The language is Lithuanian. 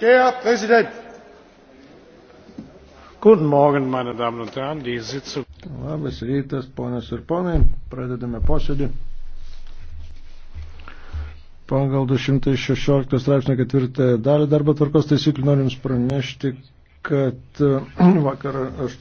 herr präsident! guten morgen meine damen und herren! die sitzung labas rytas ponios ir ponai pradedame posėdį pagal 216 straipsnio ketvirtąją dalį darbo tvarkos taisyklių noriu jums pranešti kad vakar 8